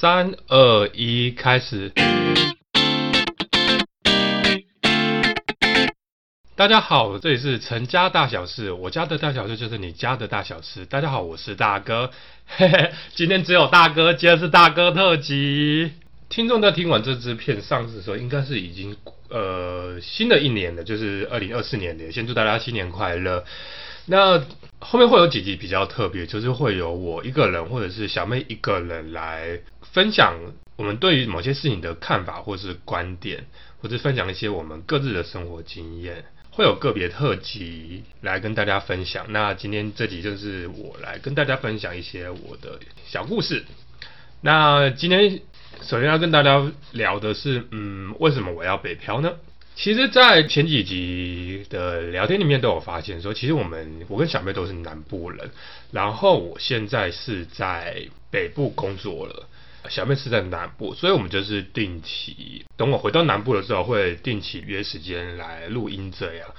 三二一，3, 2, 1, 開始！大家好，這裡是陳家大小事，我家的大小事就是你家的大小事。大家好，我是大哥，嘿嘿，今天只有大哥，今天是大哥特輯。聽眾在聽完這支片上市的時候，應該是已經呃新的一年了，就是二零二四年的。先祝大家新年快樂。那後面會有幾集比較特別，就是會有我一個人或者是小妹一個人來。分享我們對於某些事情的看法，或是觀點，或者分享一些我們各自的生活經驗，會有個別特輯來跟大家分享。那今天這集就是我來跟大家分享一些我的小故事。那今天首先要跟大家聊的是，嗯，為什麼我要北漂呢？其實，在前幾集的聊天裡面都有發現，說其實我們我跟小妹都是南部人，然後我現在是在北部工作了，小妹是在南部，所以我們就是定期，等我回到南部的時候會定期約時間來錄音這樣、啊。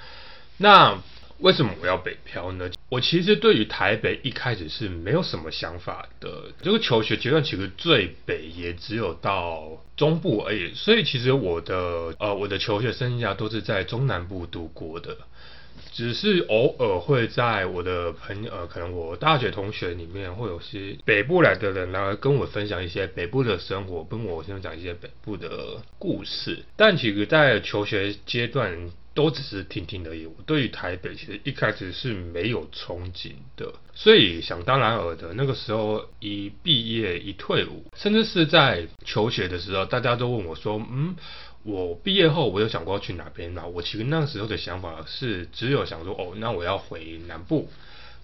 那為什麼我要北漂呢？我其實對於台北一開始是沒有什麼想法的。這個求學階段其實最北也只有到中部而已，所以其實我的呃我的求學生涯都是在中南部度過的，只是偶爾會在我的朋友，呃、可能我大學同學裡面，會有些北部來的人來跟我分享一些北部的生活，跟我分享一些北部的故事。但其實，在求學階段，都只是聽聽而已。我對於台北其實一開始是沒有憧憬的，所以想當然爾的那個時候一畢業一退伍，甚至是在求學的時候，大家都問我說：“嗯，我畢業後我有想過要去哪邊嗎？”我其實那時候的想法是只有想說：“哦，那我要回南部。”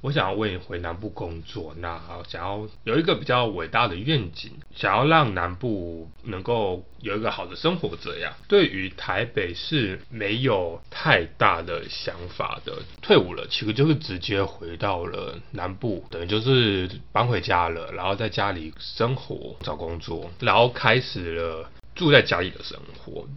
我想要為你回南部工作，那好想要有一個比較偉大的願景，想要讓南部能夠有一個好的生活，這樣對於台北是沒有太大的想法的。退伍了，其實就是直接回到了南部，等於就是搬回家了，然後在家裡生活、找工作，然後開始了住在家裡的生活。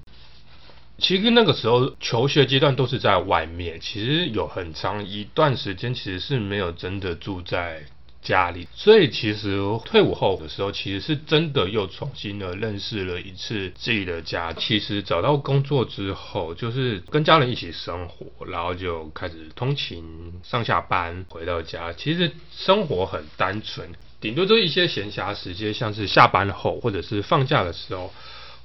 其實那個時候求學階段都是在外面，其實有很長一段時間其實是沒有真的住在家裡，所以其實退伍後的時候其實是真的又重新的認識了一次自己的家。其實找到工作之後，就是跟家人一起生活，然後就開始通勤上下班，回到家，其實生活很單純，頂多就一些閒暇時間，像是下班後或者是放假的時候。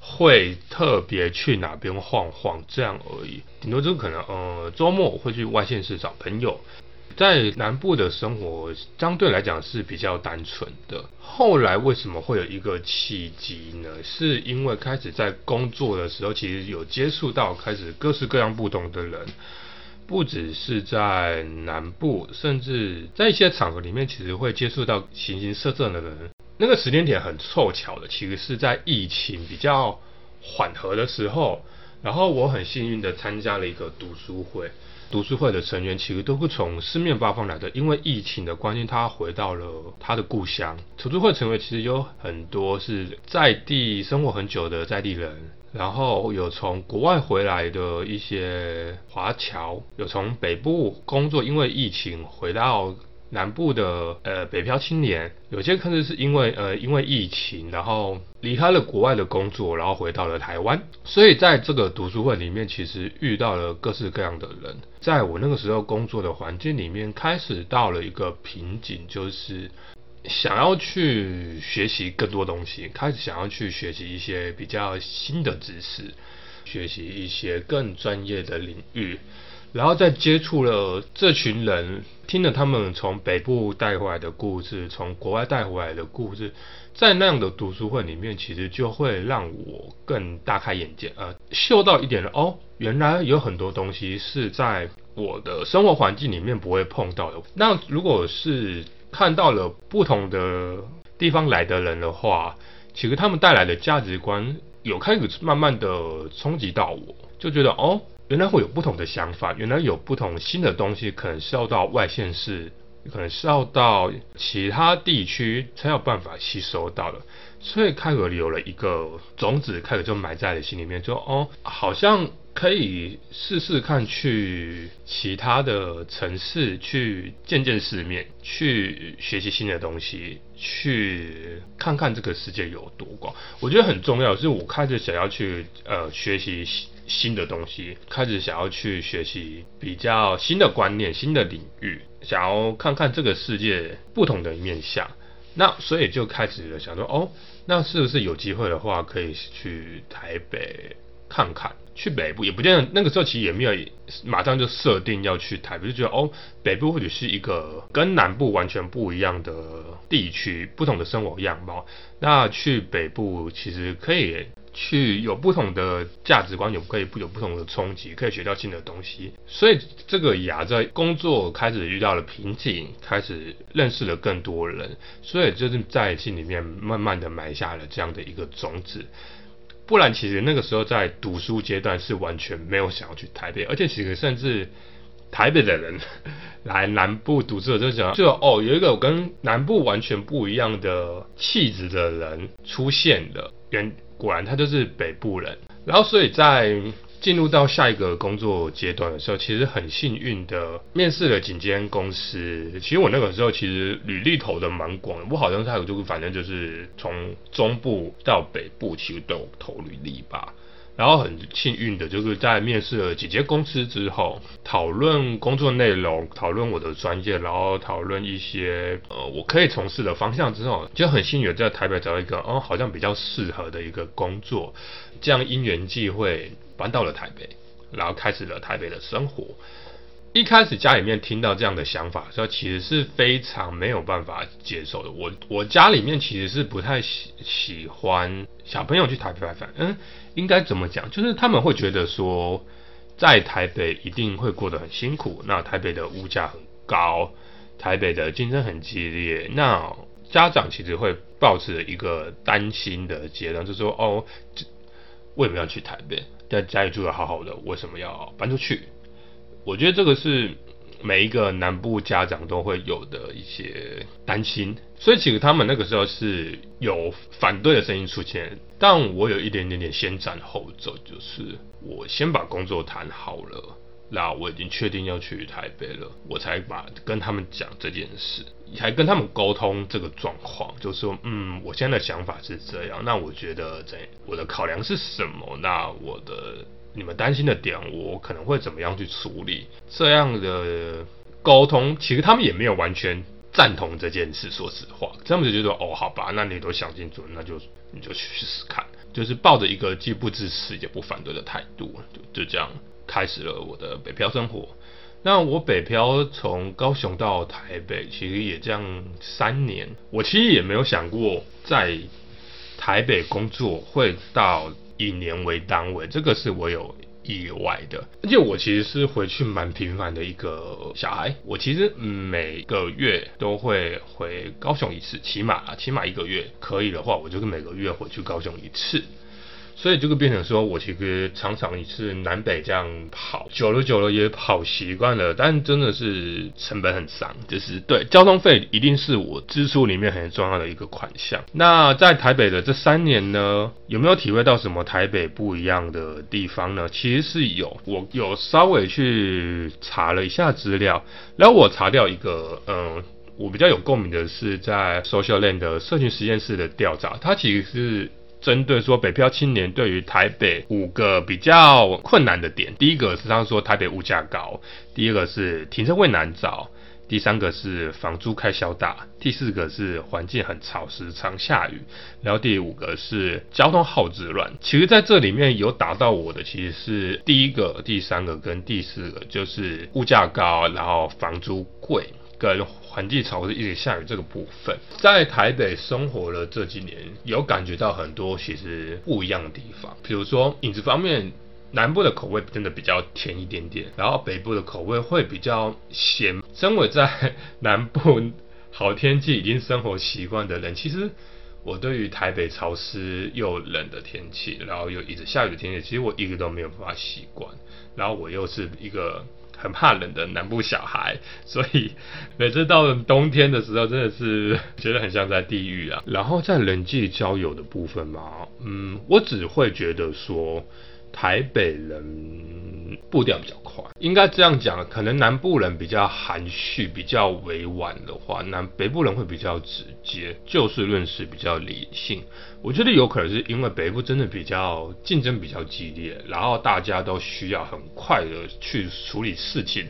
會特別去哪邊晃晃，這樣而已。頂多就可能，呃，周末會去外縣市找朋友。在南部的生活相對來講是比較單純的。後來為什麼會有一個契機呢？是因為開始在工作的時候，其實有接觸到開始各式各樣不同的人，不只是在南部，甚至在一些場合裡面，其實會接觸到形形色色的人。那個時間點很湊巧的，其實是在疫情比較緩和的時候，然後我很幸運的參加了一個讀書會。讀書會的成員其實都是從四面八方來的，因為疫情的關係，他回到了他的故鄉。讀書會成員其實有很多是在地生活很久的在地人，然後有從國外回來的一些華僑，有從北部工作因為疫情回到南部的呃北漂青年，有些可能是因為呃因為疫情，然後離開了國外的工作，然後回到了台灣，所以在這個讀書會裡面，其實遇到了各式各樣的人。在我那個時候工作的環境裡面，開始到了一個瓶頸，就是想要去學習更多東西，開始想要去學習一些比較新的知識，學習一些更專業的領域。然後再接觸了這群人，聽了他們從北部帶回來的故事，從國外帶回來的故事，在那樣的讀書會裡面，其實就會讓我更大開眼界，呃，嗅到一點了哦，原來有很多東西是在我的生活環境裡面不會碰到的。那如果是看到了不同的地方來的人的話，其實他們帶來的價值觀有開始慢慢的衝擊到我，就覺得哦。原來會有不同的想法，原來有不同新的東西，可能是要到外縣市，可能是要到其他地區才有辦法吸收到的。所以，開始有了一個種子，開始就埋在了心裡面，就哦，好像可以試試看去其他的城市，去見見世面，去學習新的東西，去看看這個世界有多廣。我覺得很重要，是我開始想要去呃學習。新的東西，開始想要去學習比較新的觀念、新的領域，想要看看這個世界不同的一面向。那所以就開始了想說，哦，那是不是有機會的話可以去台北看看？去北部也不見得，那個時候其實也沒有馬上就設定要去台北，就覺得哦，北部或許是一個跟南部完全不一樣的地區，不同的生活樣貌。那去北部其實可以。去有不同的價值觀，有可以有不同的衝擊，可以學到新的東西。所以這個牙在工作開始遇到了瓶頸，開始認識了更多人，所以就是在心裡面慢慢的埋下了這樣的一個種子。不然其實那個時候在讀書階段是完全沒有想要去台北，而且其實甚至。台北的人來南部讀書，我就想，就哦，有一個跟南部完全不一樣的氣質的人出現了。原，果然他就是北部人。然後，所以在進入到下一個工作階段的時候，其實很幸運的面試了幾間公司。其實我那個時候其實履歷投的蠻廣的，我好像還有就是反正就是從中部到北部，其實都有投履歷吧。然後很幸運的就是，在面試了幾間公司之後，討論工作內容，討論我的專業，然後討論一些呃我可以從事的方向之後，就很幸運在台北找到一個，哦，好像比較適合的一個工作，這樣因緣際會搬到了台北，然後開始了台北的生活。一開始家裡面聽到這樣的想法，說其實是非常沒有辦法接受的。我我家裡面其實是不太喜喜歡小朋友去台北，反，嗯，應該怎麼講，就是他們會覺得說，在台北一定會過得很辛苦。那台北的物價很高，台北的競爭很激烈，那家長其實會抱持一個擔心的階段，就說哦，為什麼要去台北？在家裡住得好好的，為什麼要搬出去？我覺得這個是每一個南部家長都會有的一些擔心，所以其實他們那個時候是有反對的聲音出現，但我有一點點點先斬後奏，就是我先把工作談好了，那我已經確定要去台北了，我才把跟他們講這件事，才跟他們溝通這個狀況，就是說嗯，我現在的想法是這樣，那我覺得在我的考量是什麼，那我的。你們擔心的點，我可能會怎麼樣去處理？這樣的溝通，其實他們也沒有完全贊同這件事。說實話，他們就覺得哦，好吧，那你都想清楚，那就你就去試試看，就是抱着一個既不支持也不反對的態度，就就這樣開始了我的北漂生活。那我北漂從高雄到台北，其實也這樣三年。我其實也沒有想過在台北工作會到。以年為單位，這個是我有意外的。而且我其實是回去蠻頻繁的一個小孩，我其實每個月都會回高雄一次，起碼起碼一個月，可以的話，我就是每個月回去高雄一次。所以這個變成說，我其實常常也是南北這樣跑，久了久了也跑習慣了，但真的是成本很傷，就是對交通費一定是我支出裡面很重要的一個款項。那在台北的這三年呢，有沒有體會到什麼台北不一樣的地方呢？其實是有，我有稍微去查了一下資料，然後我查掉一個，嗯，我比較有共鳴的是在 Social Land 的社群實驗室的調查，它其實是。針對說北漂青年對於台北五個比較困難的點，第一個是他說台北物價高，第二個是停車位難找，第三個是房租開銷大，第四個是環境很潮時常下雨，然後第五個是交通號誌亂。其實在這裡面有打到我的，其實是第一個、第三個跟第四個，就是物價高，然後房租貴。對，環境潮濕一直下雨這個部分，在台北生活了這幾年，有感覺到很多其實不一樣的地方。比如說飲食方面，南部的口味真的比較甜一點點，然後北部的口味會比較鹹。身為在南部好天氣已經生活習慣的人，其實我對於台北潮濕又冷的天氣，然後又一直下雨的天氣，其實我一直都沒有辦法習慣。然後我又是一個。很怕冷的南部小孩，所以每次到了冬天的時候，真的是覺得很像在地獄啊。然後在人際交友的部分嘛，嗯，我只會覺得說。台北人步調比較快，應該這樣講，可能南部人比較含蓄，比較委婉的話，南北部人會比較直接，就事論事，比較理性。我覺得有可能是因為北部真的比較競爭比較激烈，然後大家都需要很快的去處理事情。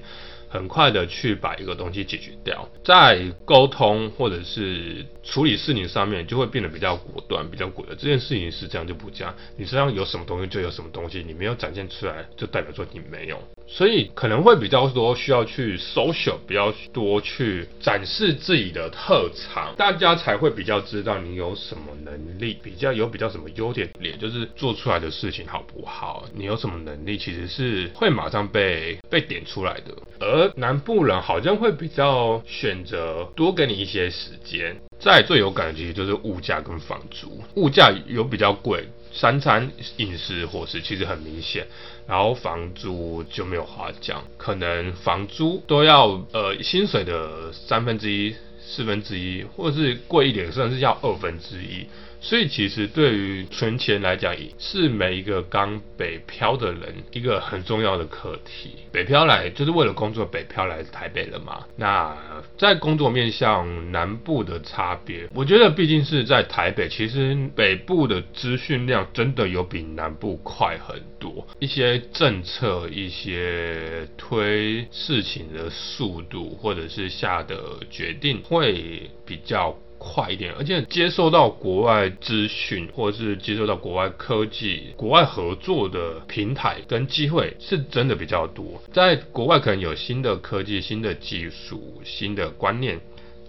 很快的去把一個東西解決掉，在溝通或者是處理事情上面就會變得比較果斷，比較果斷。這件事情是這樣就不這樣，你身上有什麼東西就有什麼東西，你沒有展現出來就代表說你沒有，所以可能會比較多需要去 social，比較多去展示自己的特長，大家才會比較知道你有什麼能力，比較有比較什麼優點。也就是做出來的事情好不好，你有什麼能力其實是會馬上被被點出來的，而。南部人好像會比較選擇多給你一些時間，在最有感覺就是物價跟房租，物價有比較貴，三餐飲食伙食其實很明顯，然後房租就沒有話講，可能房租都要呃薪水的三分之一。四分之一，或是貴一點，甚至要二分之一。所以其實對於存錢來講，也是每一個剛北漂的人一個很重要的課題。北漂來就是為了工作，北漂來台北了嘛。那在工作面向南部的差別，我覺得畢竟是在台北，其實北部的資訊量真的有比南部快很多，一些政策、一些推事情的速度，或者是下的決定，會比較快一點，而且接受到國外資訊，或者是接受到國外科技、國外合作的平台跟機會是真的比較多。在國外可能有新的科技、新的技術、新的觀念。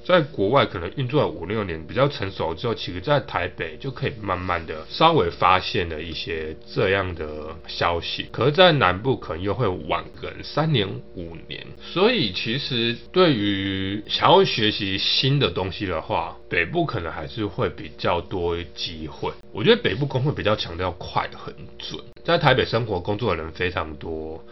在國外可能運作了五六年，比較成熟之後，其實在台北就可以慢慢的稍微發現了一些這樣的消息。可是，在南部可能又會晚個三年五年，所以其實對於想要學習新的東西的話，北部可能還是會比較多機會。我覺得北部工作比較強調快很準，在台北生活工作的人非常多。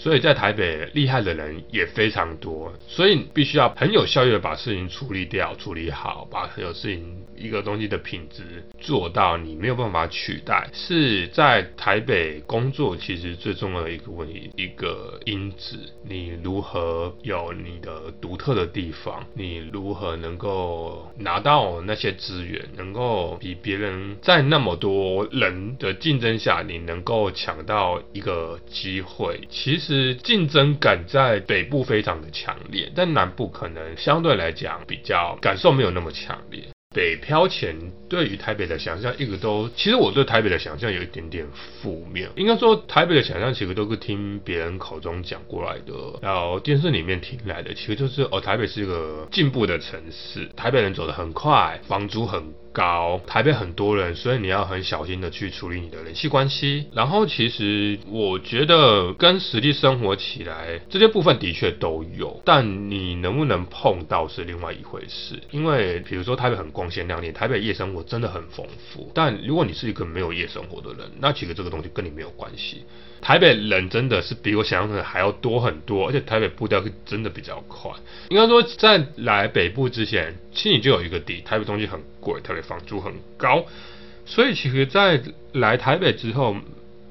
所以在台北厲害的人也非常多，所以必須要很有效率的把事情處理掉、處理好，把很多事情、一個東西的品質做到你沒有辦法取代，是在台北工作其實最重要的一個問題、一個因子。你如何有你的獨特的地方？你如何能夠拿到那些資源，能夠比別人在那麼多人的競爭下，你能夠搶到一個機會？其實。是競爭感在北部非常的強烈，但南部可能相對來講比較感受沒有那麼強烈。北漂前對於台北的想象，一直都其實我對台北的想象有一點點負面，應該說台北的想象其實都是聽別人口中講過來的，然後電視裡面聽來的，其實就是哦，台北是一個進步的城市，台北人走得很快，房租很高台北很多人，所以你要很小心的去處理你的人際關係。然後其實我覺得跟實際生活起來，這些部分的確都有，但你能不能碰到是另外一回事。因為比如說台北很光鮮亮麗，台北夜生活真的很豐富，但如果你是一個沒有夜生活的人，那其實這個東西跟你沒有關係。台北人真的是比我想象的還要多很多，而且台北步調是真的比較快。應該說在來北部之前，心裡就有一個底，台北東西很貴，特別房租很高，所以其實，在來台北之後，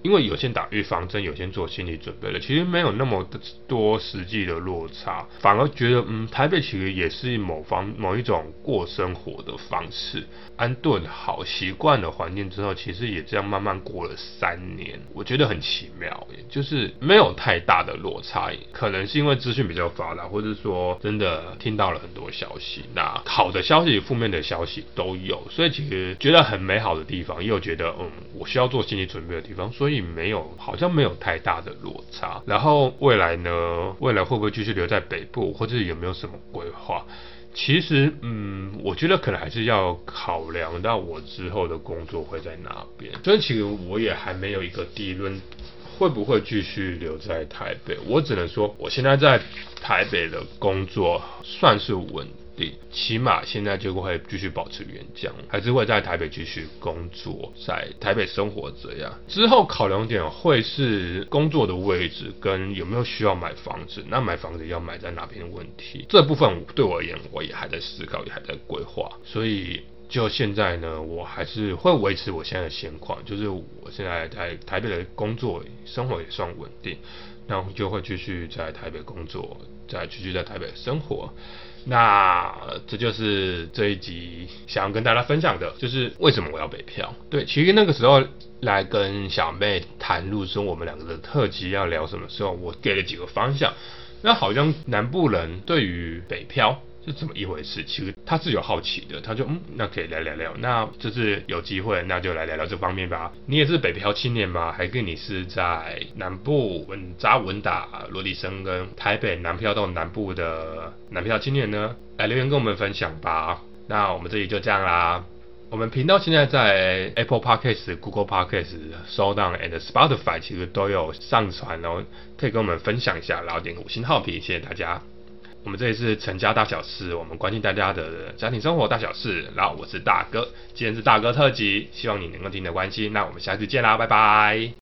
因為有先打預防針，有先做心理準備了，其實沒有那麼多實際的落差，反而覺得嗯，台北其實也是某方某一種過生活的方式，安頓好習慣的環境之後，其實也這樣慢慢過了三年，我覺得很奇妙，就是沒有太大的落差，可能是因為資訊比較發達，或是說真的聽到了很多消息，那好的消息、負面的消息都有，所以其實覺得很美好的地方，也有覺得嗯，我需要做心理準備的地方，所以。所以沒有，好像沒有太大的落差。然後未來呢？未來會不會繼續留在北部，或者有沒有什麼規劃？其實，嗯，我覺得可能還是要考量到我之後的工作會在哪邊。所以其實我也還沒有一個定論，會不會繼續留在台北？我只能說，我現在在台北的工作算是穩。起碼現在就會繼續保持原樣，還是會在台北繼續工作，在台北生活這樣。之後考量點會是工作的位置跟有沒有需要買房子，那買房子要買在哪邊的問題。這部分對我而言，我也還在思考，也還在規劃。所以就現在呢，我還是會維持我現在的現況，就是我現在在台北的工作生活也算穩定，然後就會繼續在台北工作。在繼續在台北生活，那這就是這一集想要跟大家分享的，就是為什麼我要北漂。對，其實那個時候來跟小妹談論，說我們兩個的特輯要聊什麼時候，我給了幾個方向。那好像南部人對於北漂。是這麼一回事，其實他是有好奇的，他就嗯，那可以聊聊聊，那就是有機會，那就來聊聊這方面吧。你也是北漂青年嗎？還跟你是在南部穩扎穩打落地生根？台北南漂到南部的南漂青年呢，來留言跟我們分享吧。那我們這裡就這樣啦。我們頻道現在在 Apple Podcast、Google Podcast、SoundOn and Spotify 其實都有上傳哦、喔，可以跟我們分享一下，然後點個五星好評，謝謝大家。我們這裡是成家大小事，我們關心大家的家庭生活大小事。然後我是大哥，今天是大哥特輯，希望你能夠聽得關心。那我們下次見啦，拜拜。